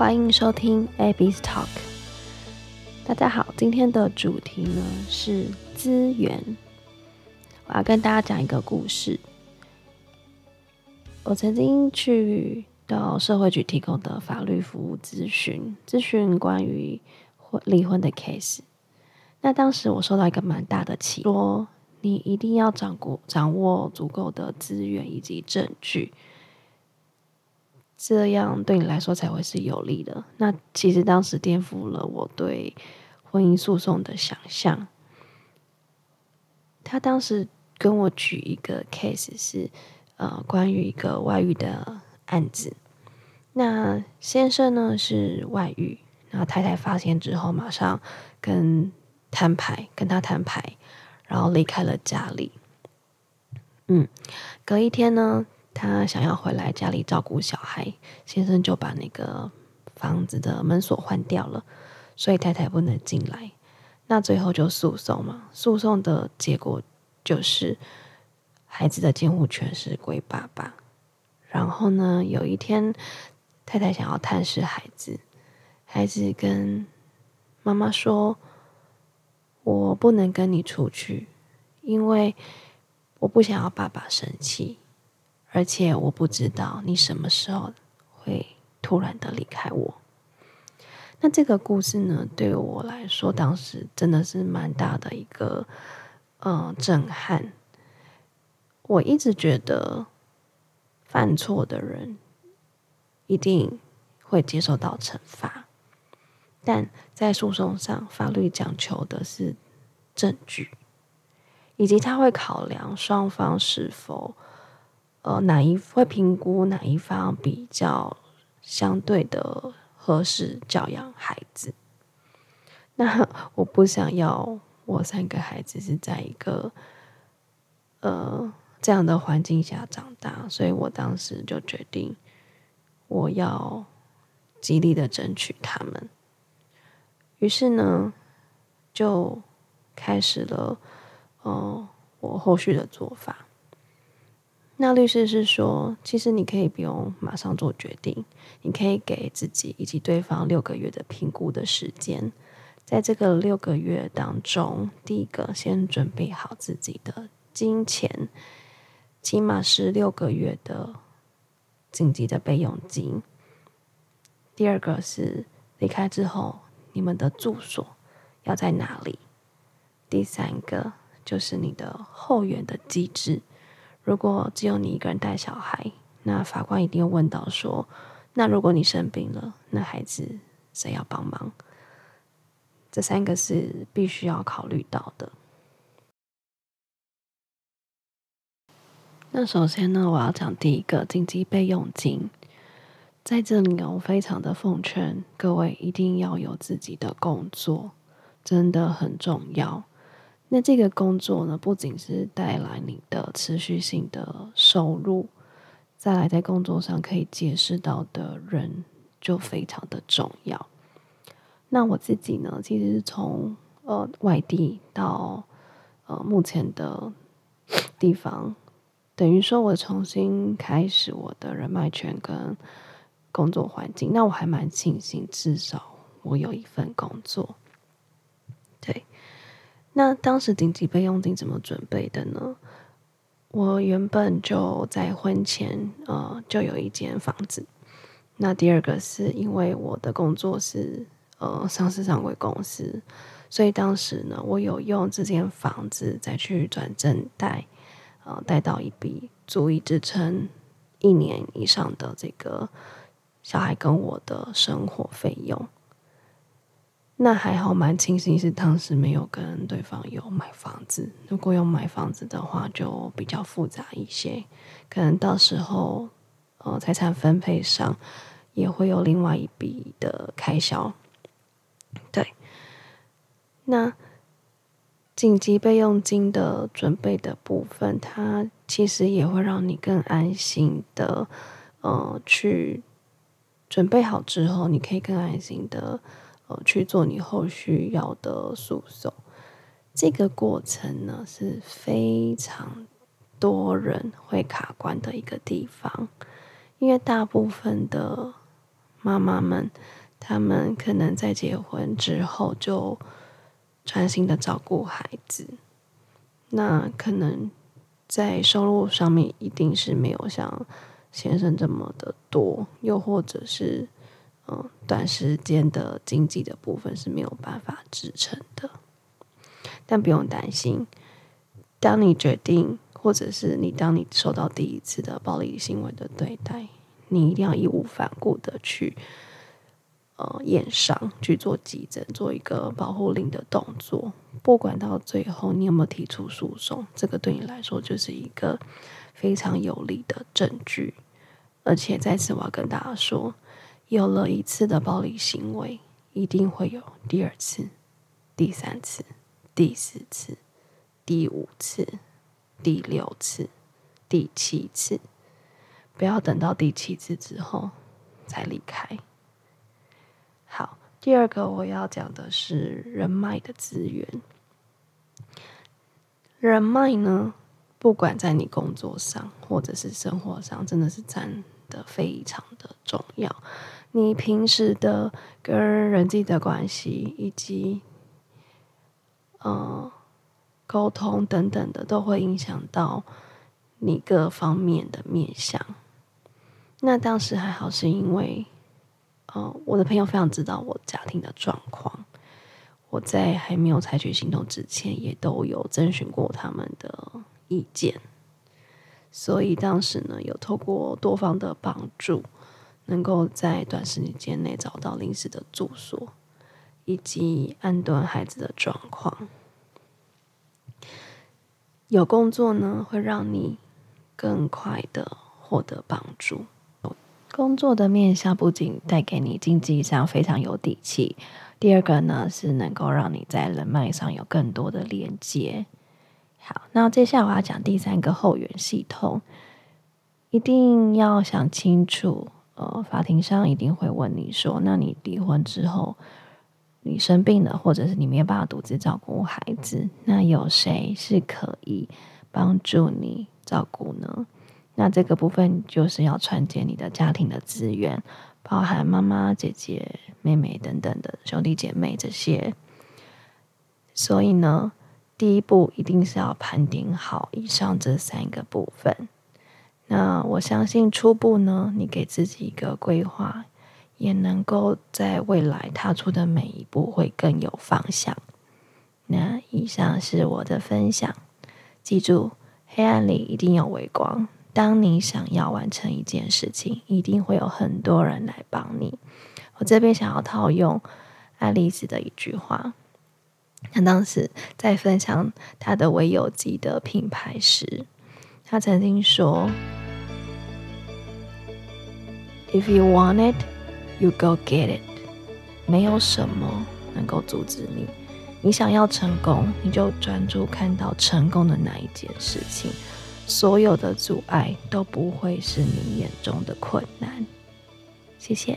歡迎收聽 Abby's Talk。大家好，今天的主題呢是資源。我要跟大家講一個故事。我曾經去到社會局提供的法律服務諮詢，諮詢關於婚離婚的 case。那當時我收到一個蠻大的啟發，說你一定要掌握掌握足夠的資源以及證據。這樣對你來說才會是有利的。那其實當時顛覆了我對婚姻訴訟的想象。他當時跟我舉一個 case 是，呃，關於一個外遇的案子。那先生呢是外遇，那太太發現之後馬上跟攤牌，跟他攤牌，然後離開了家裡。嗯，隔一天呢，他想要回來家裡照顧小孩，先生就把那個房子的門鎖換掉了，所以太太不能進來。那最後就訴訟嘛，訴訟的結果就是孩子的監護權是歸爸爸。然後呢，有一天太太想要探視孩子，孩子跟媽媽說：“我不能跟你出去，因為我不想要爸爸生氣。”而且我不知道你什麼時候會突然的離開我。那這個故事呢，對我來說當時真的是蠻大的一個呃震撼。我一直覺得犯錯的人一定會接受到懲罰，但在訴訟上，法律講求的是證據，以及他會考量雙方是否。呃，哪一，會評估哪一方比較相對的合適教養孩子。那我不想要我三個孩子是在一個呃這樣的環境下長大，所以我當時就決定我要極力的爭取他們。於是呢，就開始了，嗯、呃，我後續的做法。那律師是說，其實你可以不用馬上做決定，你可以給自己以及對方六個月的評估的時間。在這個六個月當中，第一個先準備好自己的金錢，起碼是六個月的緊急的備用金。第二個是離開之後，你們的住所要在哪裡。第三個就是你的後援的機制。如果只有你一個人帶小孩，那法官一定會問到說：那如果你生病了，那孩子誰要幫忙？這三個是必須要考慮到的。那首先呢，我要講第一個緊急備用金。在這裡，我非常的奉勸各位一定要有自己的工作，真的很重要。那這個工作呢，不僅是帶來你的持續性的收入，再來在工作上可以結識到的人就非常的重要。那我自己呢，其實是從呃外地到呃目前的地方，等於說我重新開始我的人脈圈跟工作環境。那我還蠻慶幸，至少我有一份工作。對。那當時緊急備用金怎麼準備的呢？我原本就在婚前呃就有一間房子，那第二個是因為我的工作是呃上市上櫃公司，所以當時呢，我有用這間房子再去轉正貸，呃貸到一筆足以支撐一年以上的這個小孩跟我的生活費用。那還好，蠻慶幸是當時沒有跟對方有買房子。如果有買房子的話，就比較複雜一些，可能到時候，呃，財產分配上也會有另外一筆的開銷。對，那緊急備用金的準備的部分，它其實也會讓你更安心的，呃，去準備好之後，你可以更安心的。去做你後續要的訴訟，這個過程呢，是非常多人會卡關的一個地方，因為大部分的媽媽們，他們可能在結婚之後就專心的照顧孩子，那可能在收入上面一定是沒有像先生這麼的多，又或者是。呃、短時間的經濟的部分是沒有辦法支撐的，但不用擔心。當你決定，或者是你當你受到第一次的暴力行為的對待，你一定要義無反顧的去呃驗傷，去做急診，做一個保護令的動作。不管到最後你有沒有提出訴訟，這個對你來說就是一個非常有利的證據。而且在此，我要跟大家說。有了一次的暴力行為，一定會有第二次、第三次、第四次、第五次、第六次、第七次。不要等到第七次之後才離開。好，第二個我要講的是人脈的資源。人脈呢，不管在你工作上或者是生活上，真的是佔的非常的重要。你平時的跟人際的關係，以及嗯、呃、溝通等等的，都會影響到你各方面的面向。那當時還好，是因為，呃我的朋友非常知道我家庭的狀況，我在還沒有採取行動之前，也都有徵詢過他們的意見，所以當時呢，有透過多方的幫助。能夠在短時間內找到臨時的住所，以及安頓孩子的狀況。有工作呢，會讓你更快地獲得幫助。工作的面向不僅帶給你經濟上非常有底氣，第二個呢是能夠讓你在人脈上有更多的連接。好，那接下來我要講第三個後援系統，一定要想清楚。呃，法庭上一定會問你說：“那你離婚之後，你生病了，或者是你沒有辦法獨自照顧孩子，那有誰是可以幫助你照顧呢？”那這個部分就是要串接你的家庭的資源，包含媽媽、姐姐、妹妹等等的兄弟姐妹這些。所以呢，第一步一定是要盤點好以上這三個部分。那我相信，初步呢，你給自己一個規劃，也能夠在未來踏出的每一步會更有方向。那以上是我的分享。記住，黑暗裡一定有微光。當你想要完成一件事情，一定會有很多人來幫你。我這邊想要套用愛麗絲的一句話，那當時在分享他的微有機的品牌時，他曾經說。If you want it, you go get it。沒有什麼能夠阻止你，你想要成功，你就專注看到成功的那一件事情。所有的阻礙都不會是你眼中的困難。謝謝。